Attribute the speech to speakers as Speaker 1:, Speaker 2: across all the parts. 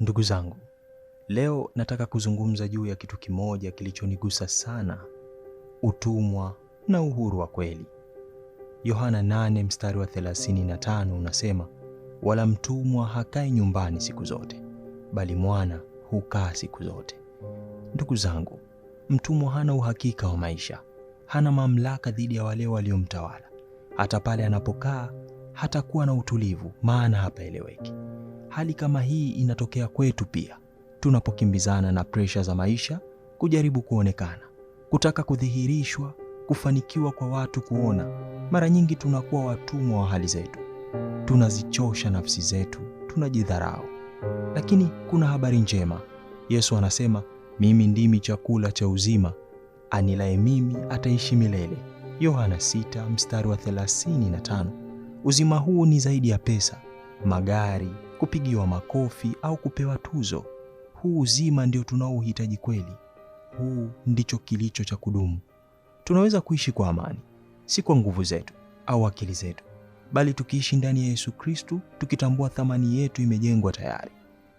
Speaker 1: Ndugu zangu, leo nataka kuzungumza juu ya kitu kimoja kilichonigusa sana: utumwa na uhuru wa kweli. Yohana 8 mstari wa 35 unasema, wala mtumwa hakai nyumbani siku zote, bali mwana hukaa siku zote. Ndugu zangu, mtumwa hana uhakika wa maisha, hana mamlaka dhidi ya wale waliomtawala. Hata pale anapokaa hatakuwa na utulivu, maana hapaeleweki. Hali kama hii inatokea kwetu pia tunapokimbizana na presha za maisha, kujaribu kuonekana, kutaka kudhihirishwa, kufanikiwa kwa watu kuona. Mara nyingi tunakuwa watumwa wa hali zetu, tunazichosha nafsi zetu, tunajidharau. Lakini kuna habari njema. Yesu anasema, mimi ndimi chakula cha uzima, anilaye mimi ataishi milele. Yohana 6 mstari wa 35. Uzima huu ni zaidi ya pesa, magari, kupigiwa makofi au kupewa tuzo. Huu uzima ndio tunaouhitaji kweli. Huu ndicho kilicho cha kudumu. Tunaweza kuishi kwa amani, si kwa nguvu zetu au akili zetu, bali tukiishi ndani ya Yesu Kristu, tukitambua thamani yetu imejengwa tayari.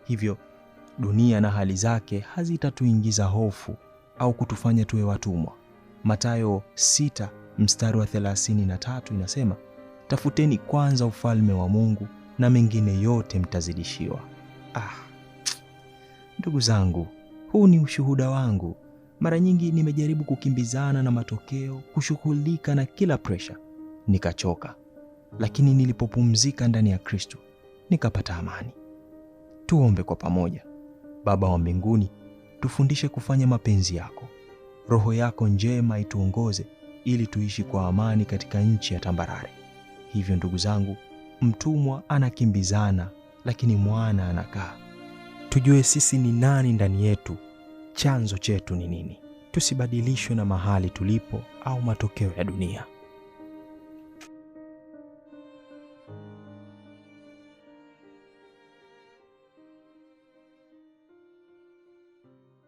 Speaker 1: Hivyo dunia na hali zake hazitatuingiza hofu au kutufanya tuwe watumwa. Mathayo 6 mstari wa 33 inasema tafuteni kwanza ufalme wa Mungu na mengine yote mtazidishiwa. Ah, ndugu zangu, huu ni ushuhuda wangu. Mara nyingi nimejaribu kukimbizana na matokeo, kushughulika na kila presha, nikachoka. Lakini nilipopumzika ndani ya Kristo nikapata amani. Tuombe kwa pamoja. Baba wa mbinguni, tufundishe kufanya mapenzi yako. Roho yako njema ituongoze ili tuishi kwa amani katika nchi ya tambarare. Hivyo ndugu zangu, mtumwa anakimbizana, lakini mwana anakaa. Tujue sisi ni nani ndani yetu, chanzo chetu ni nini. Tusibadilishwe na mahali tulipo au matokeo ya dunia.